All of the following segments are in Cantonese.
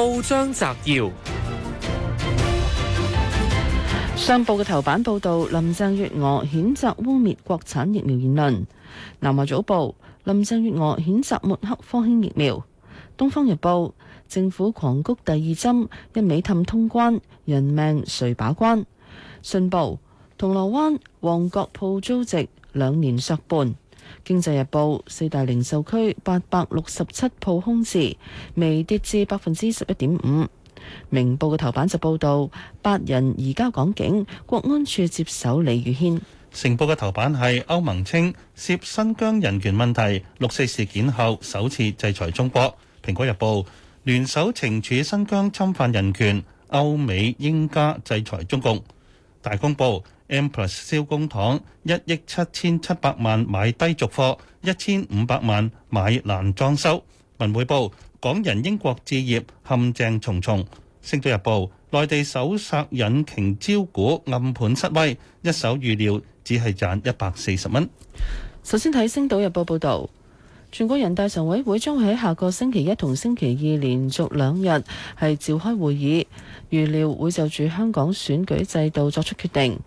報章摘要：商報嘅頭版報道林鄭月娥譴責污蔑國產疫苗言論。南華早報：林鄭月娥譴責抹黑科興疫苗。東方日報：政府狂谷第二針，一味氹通關，人命誰把關？信報：銅鑼灣、旺角鋪租值兩年削半。經濟日報四大零售區八百六十七鋪空置，未跌至百分之十一點五。明報嘅頭版就報導八人移交港警，國安處接手李宇軒。成報嘅頭版係歐盟稱涉新疆人權問題六四事件後首次制裁中國。蘋果日報聯手懲處新疆侵犯人權，歐美英加制裁中共。大公報。M+ 燒公帑一億七千七百萬買低俗貨，一千五百萬買難裝修。文匯報港人英國置業陷阱重重。星島日報內地搜索引擎招股暗盤失威，一手預料只係賺一百四十蚊。首先睇星島日報報導，全國人大常委會將會喺下個星期一同星期二連續兩日係召開會議，預料會就住香港選舉制度作出決定。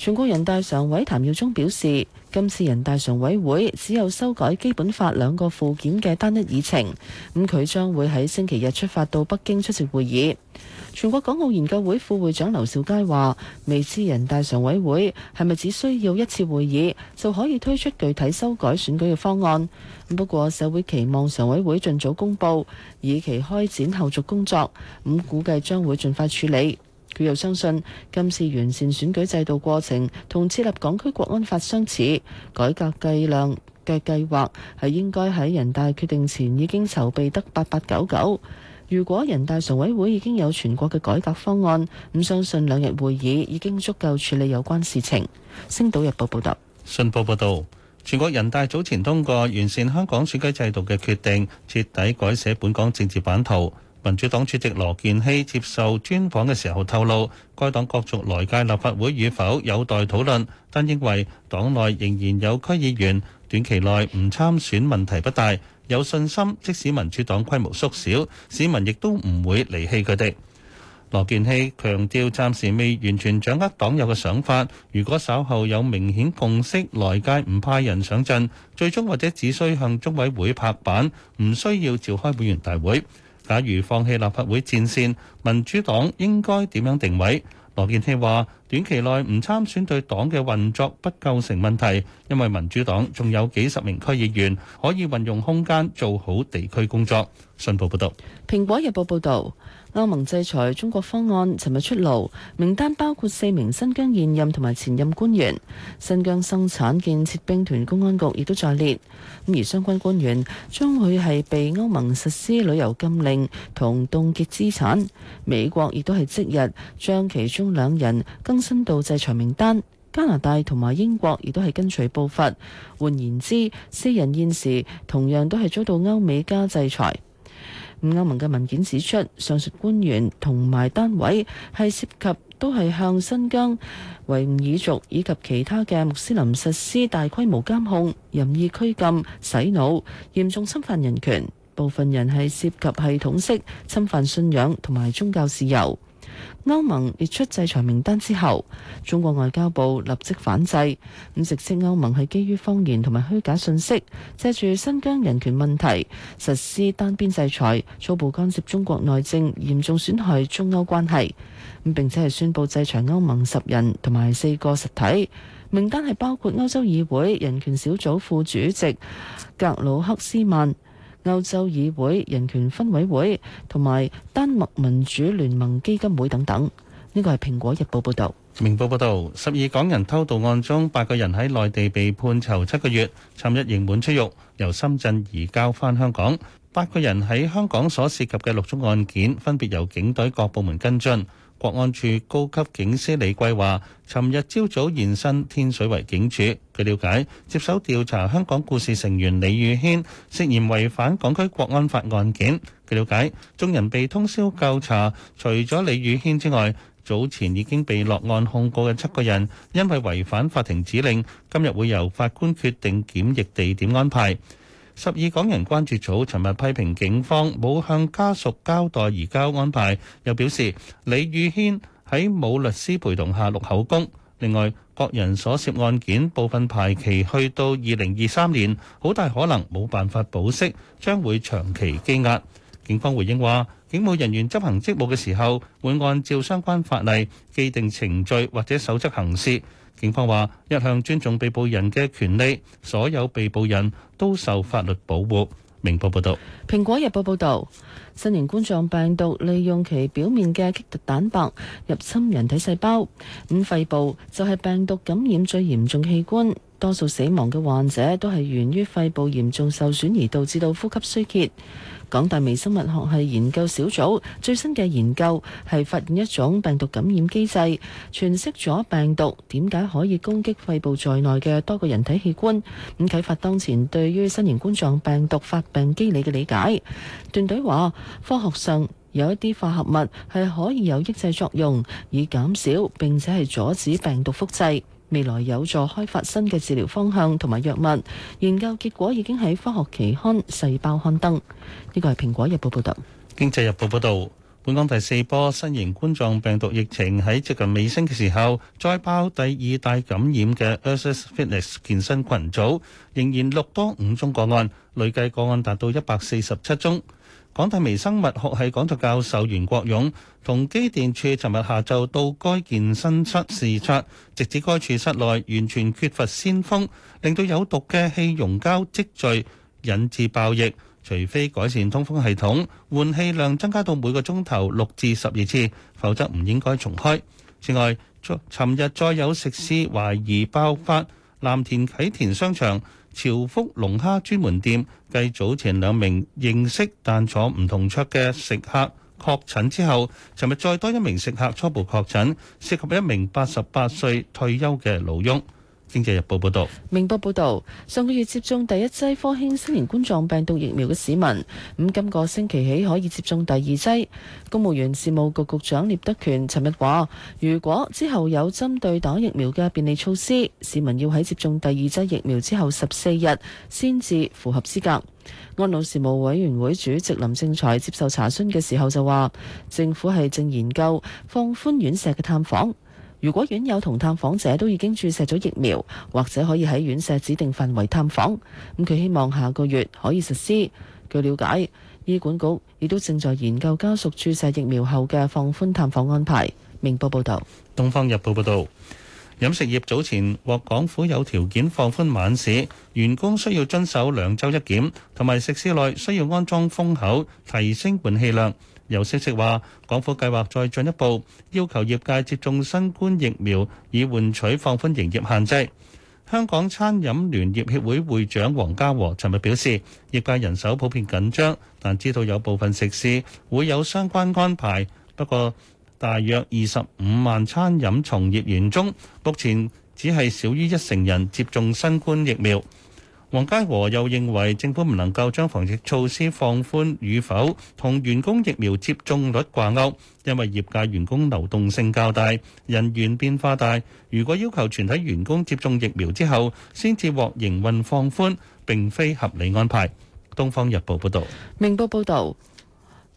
全國人大常委譚耀宗表示，今次人大常委會只有修改基本法兩個附件嘅單一議程，咁佢將會喺星期日出發到北京出席會議。全國港澳研究會副會長劉兆佳話：未知人大常委會係咪只需要一次會議就可以推出具體修改選舉嘅方案？不過社會期望常委會盡早公佈，以期開展後續工作，咁估計將會盡快處理。佢又相信今次完善選舉制度過程同設立港區國安法相似，改革計量嘅計劃，係應該喺人大決定前已經籌備得八八九九。如果人大常委會已經有全國嘅改革方案，唔相信兩日會議已經足夠處理有關事情。星島日報報道，信報報道，全國人大早前通過完善香港選舉制度嘅決定，徹底改寫本港政治版圖。民主黨主席羅健熙接受專訪嘅時候透露，該黨角逐來屆立法會與否有待討論，但認為黨內仍然有區議員，短期內唔參選問題不大，有信心即使民主黨規模縮小，市民亦都唔會離棄佢哋。羅健熙強調，暫時未完全掌握黨友嘅想法，如果稍後有明顯共識，來屆唔派人上陣，最終或者只需向中委會拍板，唔需要召開會員大會。假如放棄立法會戰線，民主黨應該點樣定位？羅健熙話。短期內唔參選對黨嘅運作不構成問題，因為民主黨仲有幾十名區議員可以運用空間做好地區工作。信報報導，《蘋果日報》報道，歐盟制裁中國方案，尋日出爐，名單包括四名新疆現任同埋前任官員，新疆生產建設兵團公安局亦都在列。咁而相關官員將會係被歐盟實施旅遊禁令同凍結資產。美國亦都係即日將其中兩人跟新道制裁名單，加拿大同埋英國亦都係跟隨步伐。換言之，四人現時同樣都係遭到歐美加制裁。歐盟嘅文件指出，上述官員同埋單位係涉及都係向新疆維吾爾族以及其他嘅穆斯林實施大規模監控、任意拘禁、洗腦，嚴重侵犯人權。部分人係涉及系統式侵犯信仰同埋宗教自由。歐盟列出制裁名單之後，中國外交部立即反制，咁直斥歐盟係基於謊言同埋虛假信息，借住新疆人權問題實施單邊制裁，粗暴干涉中國內政，嚴重損害中歐關係。咁並且係宣布制裁歐盟十人同埋四個實體，名單係包括歐洲議會人權小組副主席格魯克斯曼。歐洲議會人權分委會同埋丹麥民主聯盟基金會等等，呢個係《蘋果日報》報導。明報報導，十二港人偷渡案中，八個人喺內地被判囚七個月，尋日刑滿出獄，由深圳移交返香港。八個人喺香港所涉及嘅六宗案件，分別由警隊各部門跟進。國安處高級警司李桂華，尋日朝早現身天水圍警署。據了解，接手調查香港故事成員李宇軒涉嫌違反港區國安法案件。據了解，眾人被通宵調查，除咗李宇軒之外，早前已經被落案控告嘅七個人，因為違反法庭指令，今日會由法官決定檢疫地點安排。十二港人關注組尋日批評警方冇向家屬交代移交安排，又表示李宇軒喺冇律師陪同下錄口供。另外，各人所涉案件部分排期去到二零二三年，好大可能冇辦法保釋，將會長期羈押。警方回應話，警務人員執行職務嘅時候，會按照相關法例既定程序或者守則行事。警方話一向尊重被捕人嘅權利，所有被捕人都受法律保護。明報報道。蘋果日報報道，新型冠狀病毒利用其表面嘅棘突蛋白入侵人體細胞，咁肺部就係病毒感染最嚴重器官。多數死亡嘅患者都係源於肺部嚴重受損而導致到呼吸衰竭。港大微生物學系研究小組最新嘅研究係發現一種病毒感染機制，詮釋咗病毒點解可以攻擊肺部在內嘅多個人體器官，咁啟發當前對於新型冠狀病毒發病機理嘅理解。團隊話科學上有一啲化合物係可以有抑制作用，以減少並且係阻止病毒複製。未來有助開發新嘅治療方向同埋藥物，研究結果已經喺《科學期刊細胞》刊登。呢個係《蘋果日報，報道》報導，《經濟日報》報導，本港第四波新型冠狀病毒疫情喺接近尾聲嘅時候，再爆第二大感染嘅、e、Ursus Fitness 健身群組，仍然錄多五宗個案，累計個案達到一百四十七宗。港大微生物學系講座教授袁國勇同機電處尋日下晝到該健身室視察，直至該處室內完全缺乏鮮風，令到有毒嘅氣溶膠積聚，引致爆疫。除非改善通風系統，換氣量增加到每個鐘頭六至十二次，否則唔應該重開。此外，昨尋日再有食肆懷疑爆發。藍田啟田商場潮福龍蝦專門店繼早前兩名認識但坐唔同桌嘅食客確診之後，尋日再多一名食客初步確診，涉及一名八十八歲退休嘅老翁。經濟日報報道，明報報道，上個月接種第一劑科興新型冠狀病毒疫苗嘅市民，咁、這、今個星期起可以接種第二劑。公務員事務局局長聶德權尋日話，如果之後有針對打疫苗嘅便利措施，市民要喺接種第二劑疫苗之後十四日先至符合資格。安老事務委員會主席林正財接受查詢嘅時候就話，政府係正研究放寬院舍嘅探訪。如果院友同探訪者都已經注射咗疫苗，或者可以喺院舍指定範圍探訪，咁佢希望下個月可以實施。據了解，醫管局亦都正在研究家屬注射疫苗後嘅放寬探訪安排。明報報道，《東方日報》報道，飲食業早前獲港府有條件放寬晚市，員工需要遵守兩週一檢，同埋食肆內需要安裝風口，提升換氣量。有消息話，港府計劃再進一步要求業界接種新冠疫苗，以換取放寬營業限制。香港餐飲聯業協會會長黃家和尋日表示，業界人手普遍緊張，但知道有部分食肆會有相關安排。不過，大約二十五萬餐飲從業員中，目前只係少於一成人接種新冠疫苗。黃家和又認為，政府唔能夠將防疫措施放寬與否同員工疫苗接種率掛鈎，因為業界員工流動性較大，人員變化大。如果要求全體員工接種疫苗之後先至獲營運放寬，並非合理安排。《東方日報》報道。《明報》報導。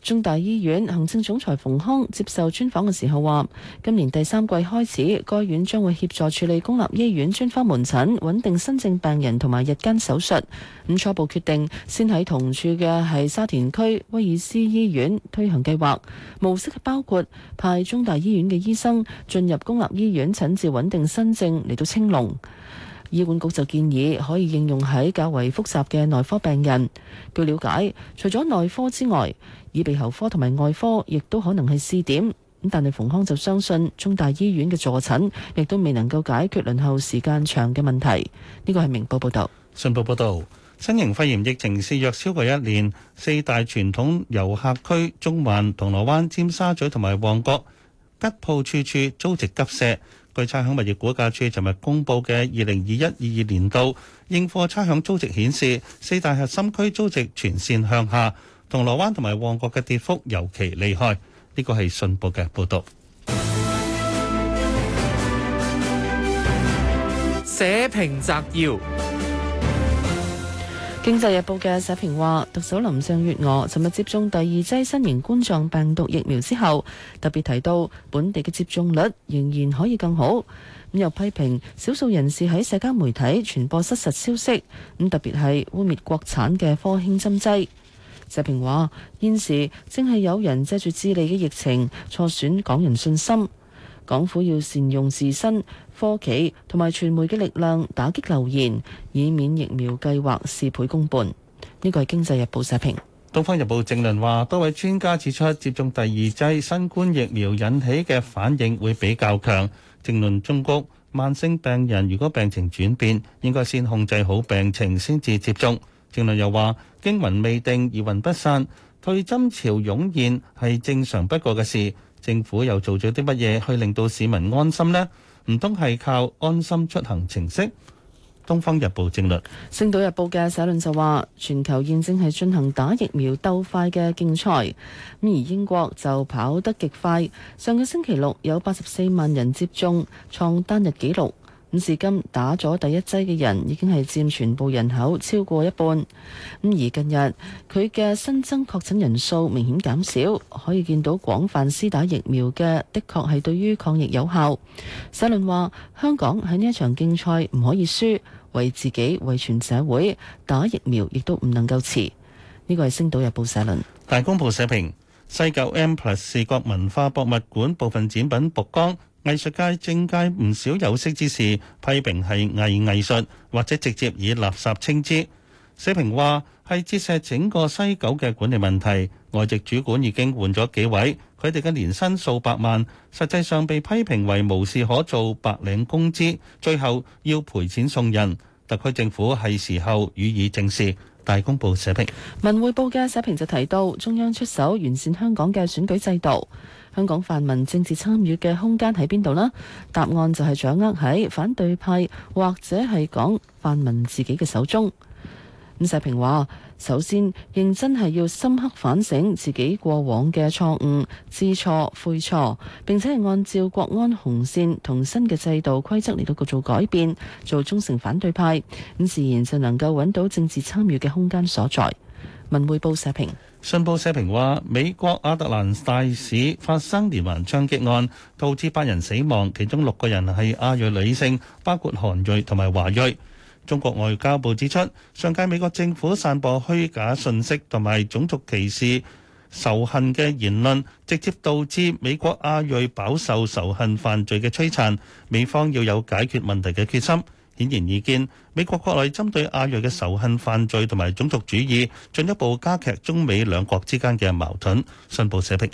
中大醫院行政總裁馮康接受專訪嘅時候話，今年第三季開始，該院將會協助處理公立醫院專科門診，穩定新症病人同埋日間手術。咁初步決定先喺同處嘅係沙田區威爾斯醫院推行計劃，模式包括派中大醫院嘅醫生進入公立醫院診治穩定新症，嚟到青龍。醫管局就建議可以應用喺較為複雜嘅內科病人。據了解，除咗內科之外，耳鼻喉科同埋外科亦都可能係試點。咁但係馮康就相信，中大醫院嘅助診亦都未能夠解決輪候時間長嘅問題。呢個係明報報導。信報報導，新型肺炎疫情肆虐超過一年，四大傳統遊客區中環、銅鑼灣、尖沙咀同埋旺角，吉鋪處處租值急瀉。據差餉物業估價署尋日公佈嘅二零二一二二年度應課差餉租值顯示，四大核心區租值全線向下，銅鑼灣同埋旺角嘅跌幅尤其厲害。呢個係信報嘅報道。寫評摘要。經濟日報嘅社評話，特首林鄭月娥尋日接種第二劑新型冠狀病毒疫苗之後，特別提到本地嘅接種率仍然可以更好。咁又批評少數人士喺社交媒體傳播失實消息，咁特別係污蔑國產嘅科興針劑。社評話，現時正係有人藉住智利嘅疫情挫損港人信心，港府要善用自身科企同埋傳媒嘅力量，打擊流言，以免疫苗計劃事倍功半。呢個係《經濟日報》社評。東方日報正論話，多位專家指出，接種第二劑新冠疫苗引起嘅反應會比較強。正論中谷，慢性病人如果病情轉變，應該先控制好病情先至接種。正論又話，驚魂未定，疑雲不散，退針潮湧現係正常不過嘅事。政府又做咗啲乜嘢去令到市民安心呢？唔通係靠安心出行程式？東方日報政略。星島日報嘅社論就話，全球現正係進行打疫苗鬥快嘅競賽，咁而英國就跑得極快，上個星期六有八十四萬人接種，創單日紀錄。咁至今打咗第一劑嘅人已經係佔全部人口超過一半，咁而近日佢嘅新增確診人數明顯減少，可以見到廣泛施打疫苗嘅，的確係對於抗疫有效。社論話：香港喺呢一場競賽唔可以輸，為自己為全社會打疫苗亦都唔能夠遲。呢個係星島日報社論。大公報社評：西九 M+ 視覺文化博物館部分展品曝光。藝術界政界唔少有識之士批評係偽藝術，或者直接以垃圾稱之。社評話係折射整個西九嘅管理問題，外籍主管已經換咗幾位，佢哋嘅年薪數百萬，實際上被批評為無事可做白領工資，最後要賠錢送人。特區政府係時候予以正視。大公報社評，文匯報嘅社評就提到中央出手完善香港嘅選舉制度。香港泛民政治參與嘅空間喺邊度呢？答案就係掌握喺反對派或者係講泛民自己嘅手中。咁社評話：首先認真係要深刻反省自己過往嘅錯誤、知錯、悔錯，並且係按照國安紅線同新嘅制度規則嚟到做改變，做忠誠反對派，咁自然就能夠揾到政治參與嘅空間所在。文匯報社評。信報社評話：美國亞特蘭大市發生連環槍擊案，導致八人死亡，其中六個人係亞裔女性，包括韓裔同埋華裔。中國外交部指出，上屆美國政府散播虛假信息同埋種族歧視仇恨嘅言論，直接導致美國亞裔飽受仇恨犯罪嘅摧殘。美方要有解決問題嘅決心。顯而易見，美國國內針對亞裔嘅仇恨犯罪同埋種族主義，進一步加劇中美兩國之間嘅矛盾。新報社評。